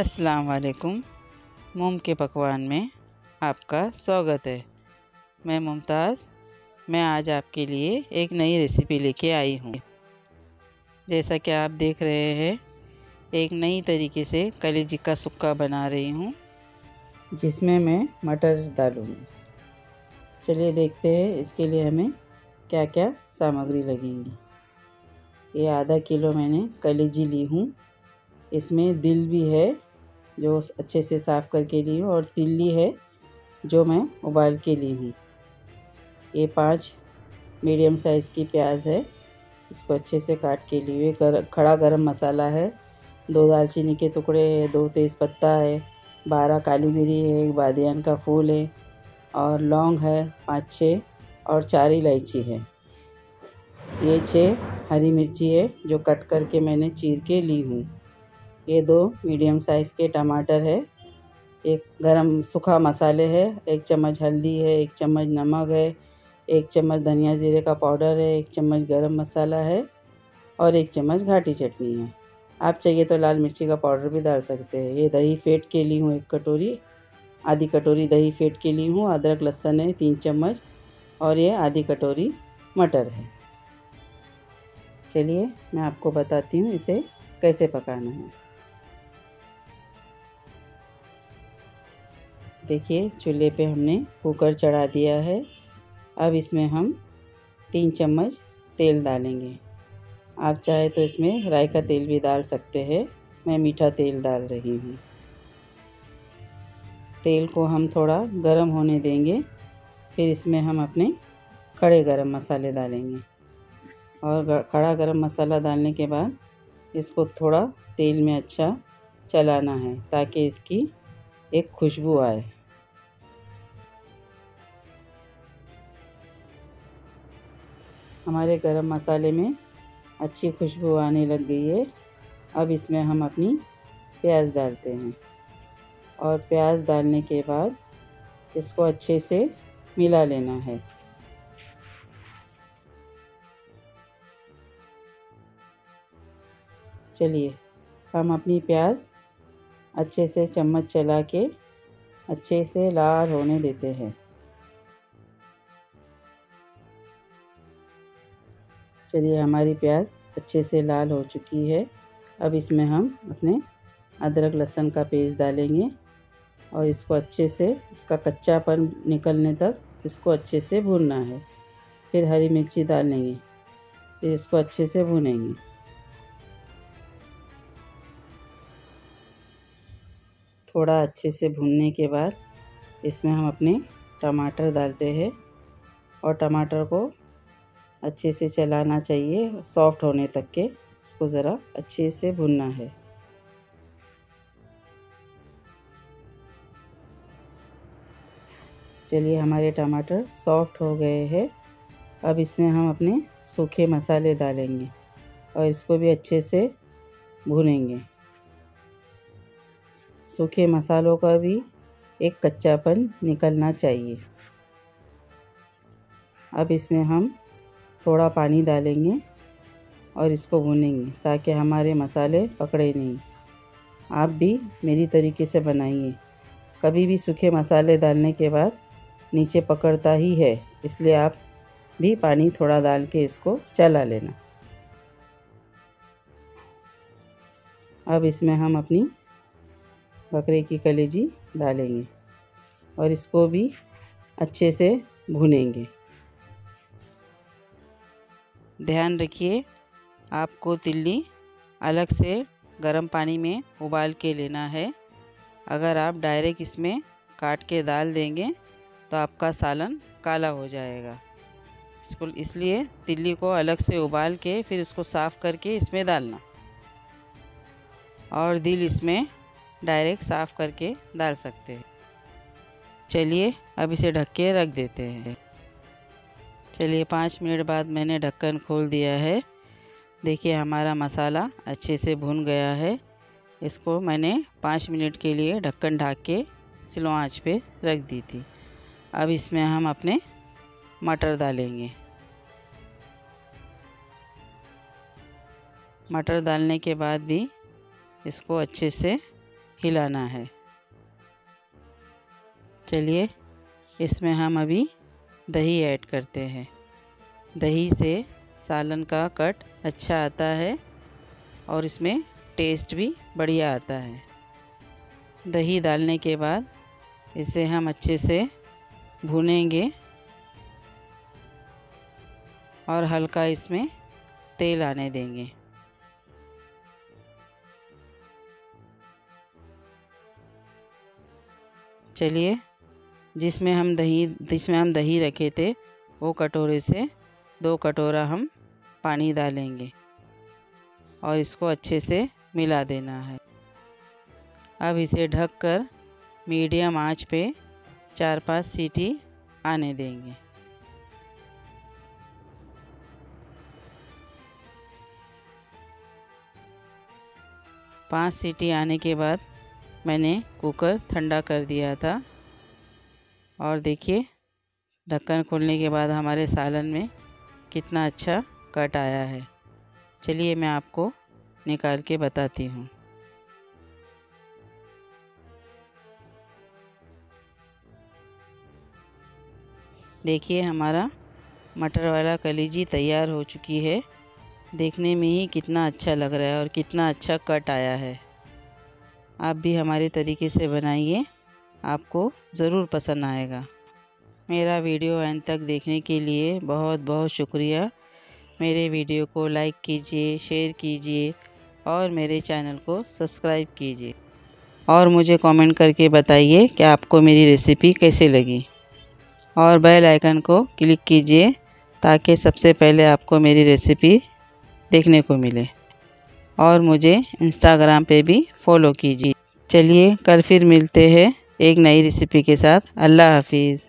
वालेकुम मोम के पकवान में आपका स्वागत है मैं मुमताज़ मैं आज आपके लिए एक नई रेसिपी लेके आई हूँ जैसा कि आप देख रहे हैं एक नई तरीके से कलेजी का सुक्का बना रही हूँ जिसमें मैं मटर डालूँगी चलिए देखते हैं इसके लिए हमें क्या क्या सामग्री लगेंगी ये आधा किलो मैंने कलेजी ली हूँ इसमें दिल भी है जो अच्छे से साफ़ करके ली हूँ और तिल्ली है जो मैं उबाल के ली हूँ ये पांच मीडियम साइज़ की प्याज है इसको अच्छे से काट के लिए गर, खड़ा गरम मसाला है दो दालचीनी के टुकड़े है दो तेज़ पत्ता है बारह काली मिरी है एक बादियान का फूल है और लौंग है पाँच छः और चार इलायची है ये छः हरी मिर्ची है जो कट करके मैंने चीर के ली हूँ ये दो मीडियम साइज़ के टमाटर है एक गरम सूखा मसाले है एक चम्मच हल्दी है एक चम्मच नमक है एक चम्मच धनिया ज़ीरे का पाउडर है एक चम्मच गरम मसाला है और एक चम्मच घाटी चटनी है आप चाहिए तो लाल मिर्ची का पाउडर भी डाल सकते हैं ये दही फेट के ली हूँ एक कटोरी आधी कटोरी दही फेंट के ली हूँ अदरक लहसन है तीन चम्मच और ये आधी कटोरी मटर है चलिए मैं आपको बताती हूँ इसे कैसे पकाना है देखिए चूल्हे पे हमने कुकर चढ़ा दिया है अब इसमें हम तीन चम्मच तेल डालेंगे आप चाहे तो इसमें राई का तेल भी डाल सकते हैं मैं मीठा तेल डाल रही हूँ तेल को हम थोड़ा गर्म होने देंगे फिर इसमें हम अपने खड़े गरम मसाले डालेंगे और खड़ा गरम मसाला डालने के बाद इसको थोड़ा तेल में अच्छा चलाना है ताकि इसकी एक खुशबू आए हमारे गरम मसाले में अच्छी खुशबू आने लग गई है अब इसमें हम अपनी प्याज डालते हैं और प्याज डालने के बाद इसको अच्छे से मिला लेना है चलिए हम अपनी प्याज अच्छे से चम्मच चला के अच्छे से लाल होने देते हैं चलिए हमारी प्याज अच्छे से लाल हो चुकी है अब इसमें हम अपने अदरक लहसुन का पेस्ट डालेंगे और इसको अच्छे से इसका कच्चापन निकलने तक इसको अच्छे से भूनना है फिर हरी मिर्ची डालेंगे फिर इसको अच्छे से भूनेंगे थोड़ा अच्छे से भूनने के बाद इसमें हम अपने टमाटर डालते हैं और टमाटर को अच्छे से चलाना चाहिए सॉफ्ट होने तक के इसको ज़रा अच्छे से भुनना है चलिए हमारे टमाटर सॉफ्ट हो गए हैं अब इसमें हम अपने सूखे मसाले डालेंगे और इसको भी अच्छे से भुनेंगे सूखे मसालों का भी एक कच्चापन निकलना चाहिए अब इसमें हम थोड़ा पानी डालेंगे और इसको भूनेंगे ताकि हमारे मसाले पकड़े नहीं आप भी मेरी तरीके से बनाइए कभी भी सूखे मसाले डालने के बाद नीचे पकड़ता ही है इसलिए आप भी पानी थोड़ा डाल के इसको चला लेना अब इसमें हम अपनी बकरे की कलेजी डालेंगे और इसको भी अच्छे से भुनेंगे ध्यान रखिए आपको तिल्ली अलग से गर्म पानी में उबाल के लेना है अगर आप डायरेक्ट इसमें काट के डाल देंगे तो आपका सालन काला हो जाएगा इसलिए तिल्ली को अलग से उबाल के फिर इसको साफ़ करके इसमें डालना और दिल इसमें डायरेक्ट साफ़ करके डाल सकते हैं चलिए अब इसे ढक के रख देते हैं चलिए पाँच मिनट बाद मैंने ढक्कन खोल दिया है देखिए हमारा मसाला अच्छे से भुन गया है इसको मैंने पाँच मिनट के लिए ढक्कन ढाक के स्लो आँच पे रख दी थी अब इसमें हम अपने मटर डालेंगे मटर डालने के बाद भी इसको अच्छे से हिलाना है चलिए इसमें हम अभी दही ऐड करते हैं दही से सालन का कट अच्छा आता है और इसमें टेस्ट भी बढ़िया आता है दही डालने के बाद इसे हम अच्छे से भुनेंगे और हल्का इसमें तेल आने देंगे चलिए जिसमें हम दही जिसमें हम दही रखे थे वो कटोरे से दो कटोरा हम पानी डालेंगे और इसको अच्छे से मिला देना है अब इसे ढककर मीडियम आंच पे चार पांच सीटी आने देंगे पांच सीटी आने के बाद मैंने कुकर ठंडा कर दिया था और देखिए ढक्कन खोलने के बाद हमारे सालन में कितना अच्छा कट आया है चलिए मैं आपको निकाल के बताती हूँ देखिए हमारा मटर वाला कलीजी तैयार हो चुकी है देखने में ही कितना अच्छा लग रहा है और कितना अच्छा कट आया है आप भी हमारे तरीके से बनाइए आपको ज़रूर पसंद आएगा मेरा वीडियो एंड तक देखने के लिए बहुत बहुत शुक्रिया मेरे वीडियो को लाइक कीजिए शेयर कीजिए और मेरे चैनल को सब्सक्राइब कीजिए और मुझे कमेंट करके बताइए कि आपको मेरी रेसिपी कैसे लगी और बेल आइकन को क्लिक कीजिए ताकि सबसे पहले आपको मेरी रेसिपी देखने को मिले और मुझे इंस्टाग्राम पे भी फॉलो कीजिए चलिए कल फिर मिलते हैं एक नई रेसिपी के साथ अल्लाह हाफिज़